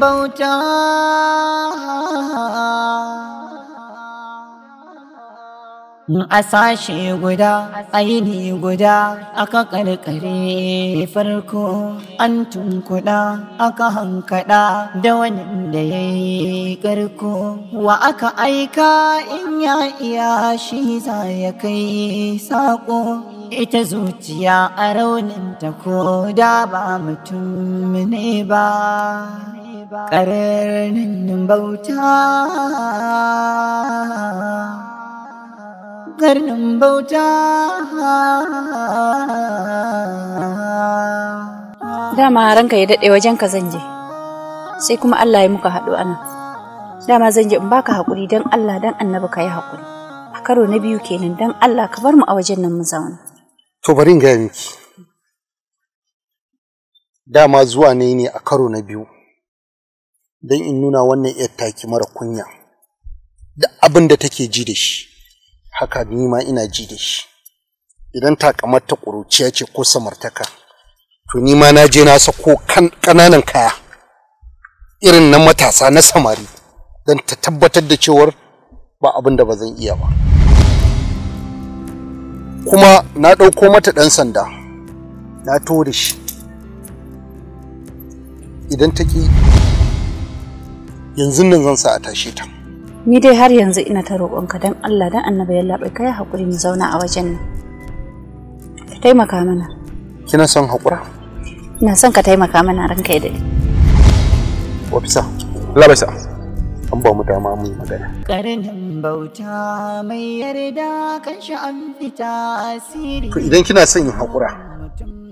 bauta a sashe guda aini guda aka karkare farko an tunkuɗa aka hankaɗa da wani da ya yi karko wa aka aika in ya iya shi za ya kai saƙo ita zuciya a raunin ta ko da ba mutum ne ba ƙararrenin bauta ƙarnin bauta dama ranka ya daɗe wajen ka zanje sai kuma Allah ya muka haɗu ana dama zanje in baka haƙuri don Allah don annabi ka yi haƙuri a karo na biyu kenan don Allah ka bar mu a wajen nan mu zauna to bari in gaya miki dama zuwa ne ne a karo na biyu don in nuna wannan ‘yar taki mara kunya da abin da take ji da shi haka ni ma ina ji da shi idan takamar ta ƙuruciya ce ko samartaka to ni ma na je na sako ƙananan kaya irin na matasa na samari don ta tabbatar da cewar ba abin da ba zan iya ba kuma na ɗauko mata ɗan sanda na to da shi idan ta ƙi yanzu nan zan sa a tashe ta ni dai har yanzu ina ta roƙonka don Allah don annabi ya labai kai haƙuri mu zauna a wajen nan ka taimaka mana kina son haƙura ina son ka taimaka mana ranka ya dade ofisa sa. an ba mu dama mu magana karanin bauta mai yarda kan sha'an fita asiri to idan kina son yin haƙura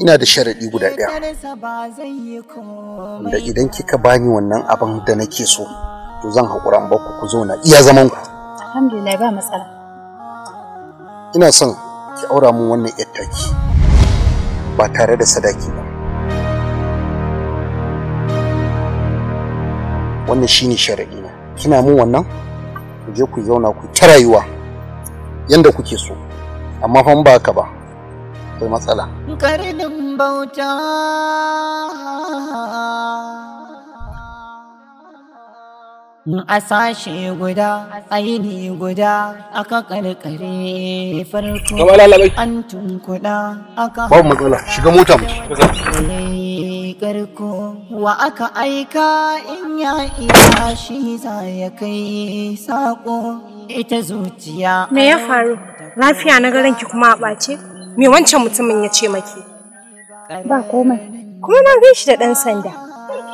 ina da sharaɗi guda ɗaya da idan kika bani wannan abin da nake so to zan haƙura in baku ku zauna iya zaman ku alhamdulillah ba matsala ina son ki aura mun wannan yar ba tare da sadaki ba wannan shine sharaɗi na kina mun wannan ku je ku zauna ku ta rayuwa yanda kuke so amma fa ba haka ba akwai matsala karnin bauta a sashe guda aini guda aka karkare farko an tunkuda aka babu matsala shiga mota mu karko wa aka aika in ya iya shi za ya kai sako ita zuciya me ya faru lafiya na garin ki kuma a ɓace Me wancan mutumin ya ce maki? Ba komai. Kuma na gan shi da ɗan sanda.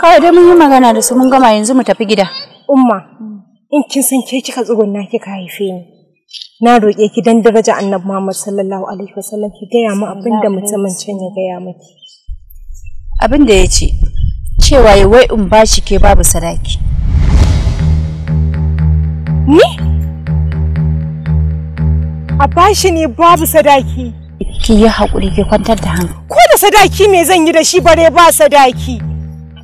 Kawai dai mun yi magana da su mun gama yanzu mu tafi gida. Umma, in kin san ke kika tsugunna kika haife ni. Na roƙe ki dan daraja Annabi Muhammad sallallahu alaihi wasallam ki gaya mu abin da mutumin can ya gaya maki. Abin da ya ce cewa ya wai in bashi ke babu sadaki. Ni? a bashi ne babu sadaki. ki yi haƙuri ki kwantar da hankali. Ko da sadaki me zan yi da shi bare ba sadaki.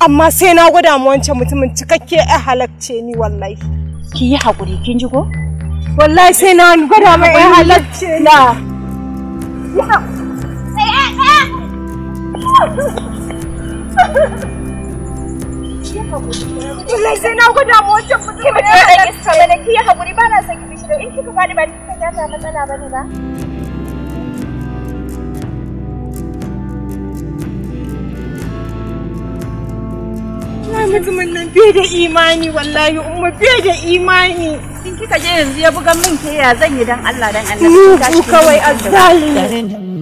Amma sai na gwada mu wancan mutumin cikakke ya halacce ni wallahi. Ki yi haƙuri kin ji ko? Wallahi sai na gwada mu ya halacce na. Wallahi sai na gwada mu wancan mutumin. ki yi haƙuri ba na son ki da in kika faɗi ba kika ta matsala ba ne ba. Ai mutumin nan fiye da imani wallahi umma fiye da imani. Kin kika je yanzu ya buga min ke ya zan yi dan Allah dan Allah. Ni ku kawai azzali.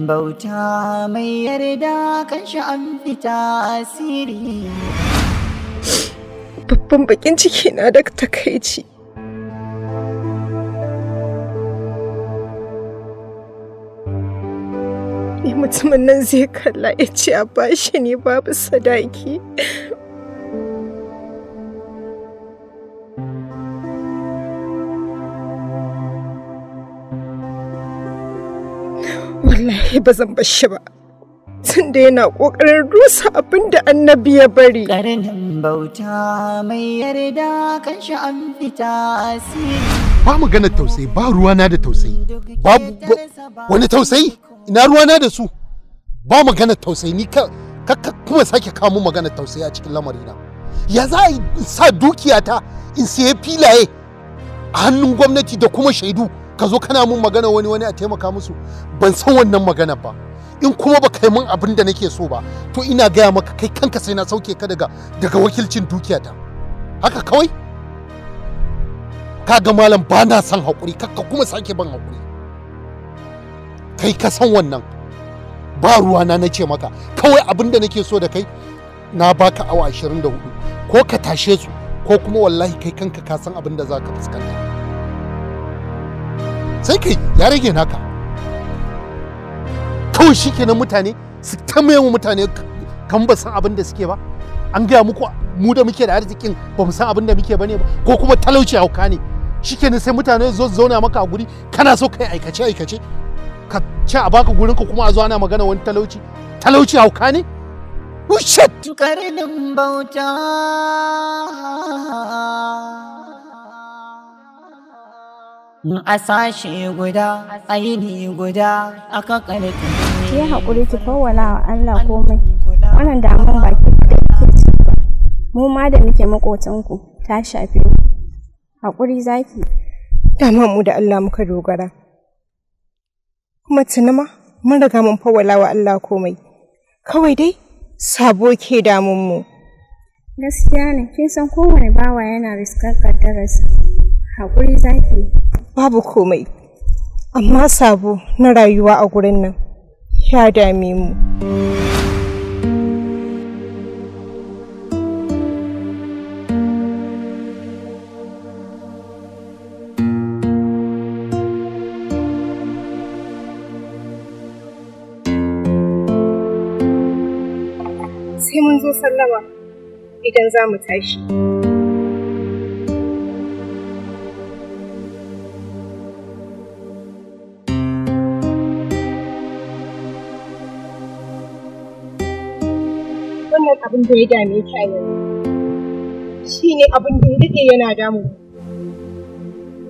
bauta mai yarda kan shi an fita asiri. Babban bakin ciki na da takaici. mutumin nan zai kalla ya ce a bashi ne babu sadaki. wallahi ba zan bar shi ba da yana kokarin rusa abin da annabi ya bari karanin bauta mai yarda kan shi an fita ba magana tausayi ba ruwana da tausayi Ba wani tausayi ina ruwana da su ba magana tausayi ni ka kuma sake kamo magana tausayi a cikin lamarina ya za a sa dukiyata in siye filaye a hannun gwamnati da kuma shaidu ka zo kana mun magana wani wani a taimaka musu ban san wannan magana ba in kuma ba kai mun abin da nake so ba to ina gaya maka kai kanka sai na sauke ka daga daga wakilcin dukiyata haka kawai ka ga malam ba na son haƙuri kakka kuma sake ban haƙuri kai ka san wannan ba ruwa na ce maka kawai abin da nake so da kai na baka awa 24 ko ka tashe su ko kuma wallahi kai kanka ka san abin da za ka fuskanta sai kai ya rage naka kawai shikenan mutane su ta mutane kan ba san abin da suke ba an gaya muku mu da muke da arzikin ba mu san abin da muke bane ba ko kuma talauci hauka ne shikenan sai mutane zo zauna maka a guri kana so kai aikace aikace ka ci a baka gurin ka kuma a zo ana magana wani talauci talauci hauka ne Ushat! Tukarinin bauta a sashe guda aini guda a kakarki ki yi haƙuri ki fawwala wa Allah komai wannan da ba baki da ke ci ba mu ma da muke maƙotanku ta shafe mu haƙuri zaki dama mu da Allah muka dogara kuma tuni mun riga mun fawwala wa Allah komai kawai dai sabo ke damun mu gaskiya ne kin san kowane bawa yana riskar kaddararsa haƙuri zaki babu komai amma sabo na rayuwa a gurin nan ya dame mu sai mun zo sallama idan za mu tashi. abin da ya dame ki a yanzu shi ne abin da ya daɗe yana damu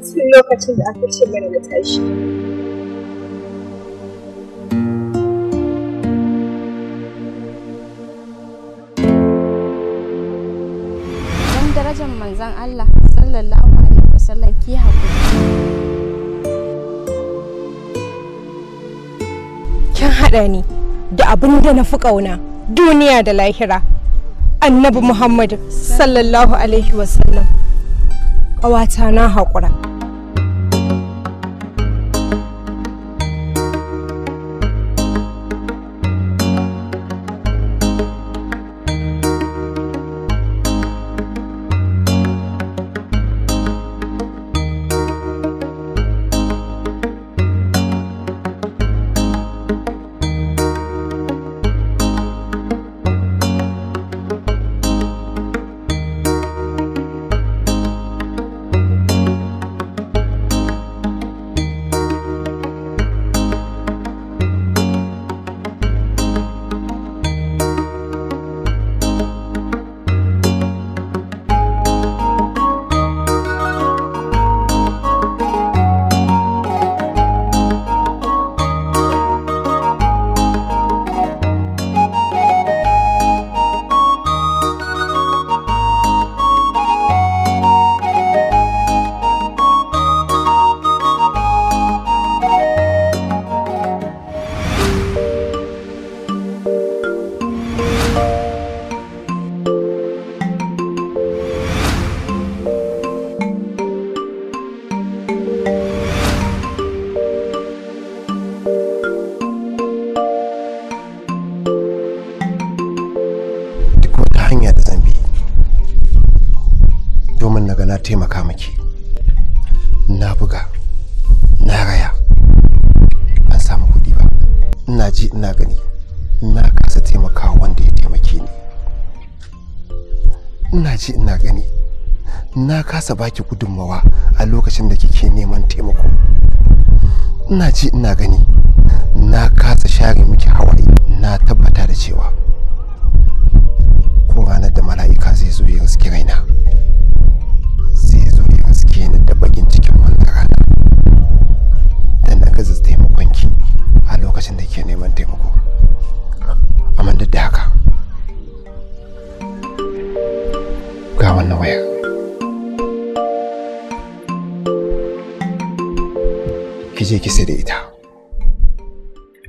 tun lokacin da aka ce mana na tashi don darajar manzan Allah sallallahu alaihi wasallam ki haƙuri kin haɗa ni da abin da na fi ƙauna duniya da lahira annabi muhammad sallallahu alaihi wasallam ƙawata na haƙura taimaka miki na buga na raya an samu kuɗi ba ina ji ina gani na kasa taimaka wanda ya taimake ni ina ji ina gani na kasa baki gudunmawa a lokacin da kike neman taimako ina ji ina gani na kasa share miki hawaye na tabbata da cewa ko ranar da mala'ika zai zo ya riski raina lokacin da ke neman taimako a duk da haka ga wannan wayar ki ki sai da ita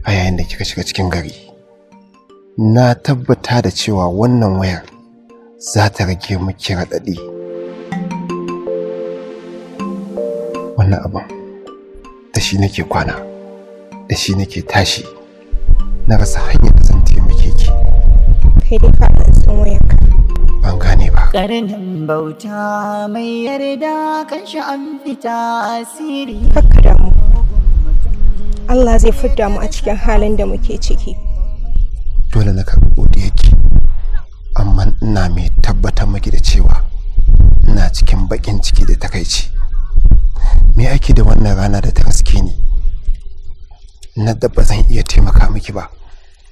a yayin da kika shiga cikin gari na tabbata da cewa wannan wayar za ta rage miki raɗaɗi wannan abin da shi nake kwana da shi nake tashi na rasa hanyar da zan taimake ki kai dai ka san wayarka ban gane ba karanin bauta mai yarda kan shi an fita asiri da mu Allah zai fidda mu a cikin halin da muke ciki dole na karɓi yake, amma ina mai tabbatar maki da cewa ina cikin baƙin ciki da takaici me ake da wannan rana da ta na da zan iya taimaka miki ba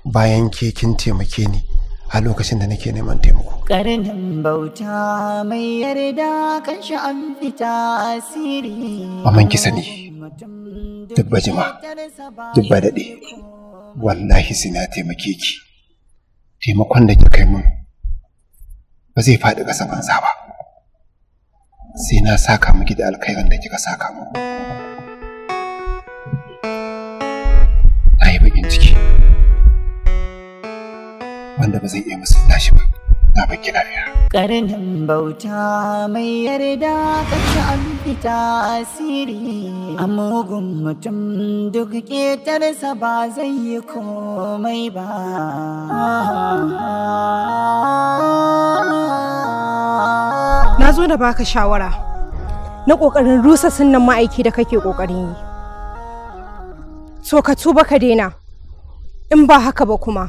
bayan ke kin taimake ni a lokacin da nake neman taimako. Karnin bauta mai yarda kan sha'an fita asiri. Maman ki sani, duk jima, duk daɗe, wallahi sai na taimake ki. Taimakon da kika yi min ba zai faɗi ƙasan sa ba. Sai na saka miki da alkairan da kika saka mu. wanda ba zan iya musanta shi ba na baki lafiya karnin bauta mai yarda ta an fita asiri a mugun mutum duk ƙetarsa ba zai yi komai ba na zo da baka shawara na ƙoƙarin rusa sunan ma'aiki da kake ƙoƙarin yi Tokatu ka tuba daina in ba haka ba kuma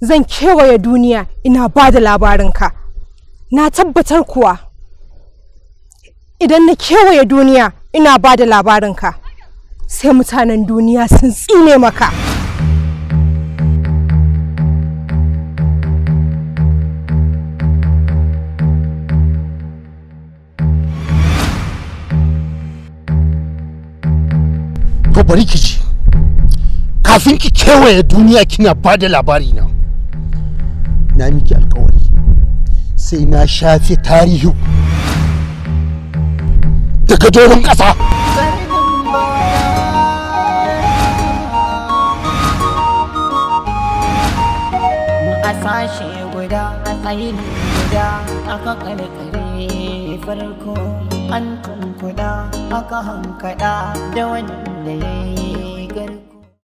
zan kewaye duniya ina ba da labarinka na tabbatar kuwa idan na kewaye duniya ina ba da labarinka sai mutanen duniya sun tsine maka bari ki ji kafin ki kewaye duniya kina ba da labari na na miki alkawari sai na shafe tarihi daga doron ƙasa guda a guda aka farko an kunkuda aka hankada da wani da yi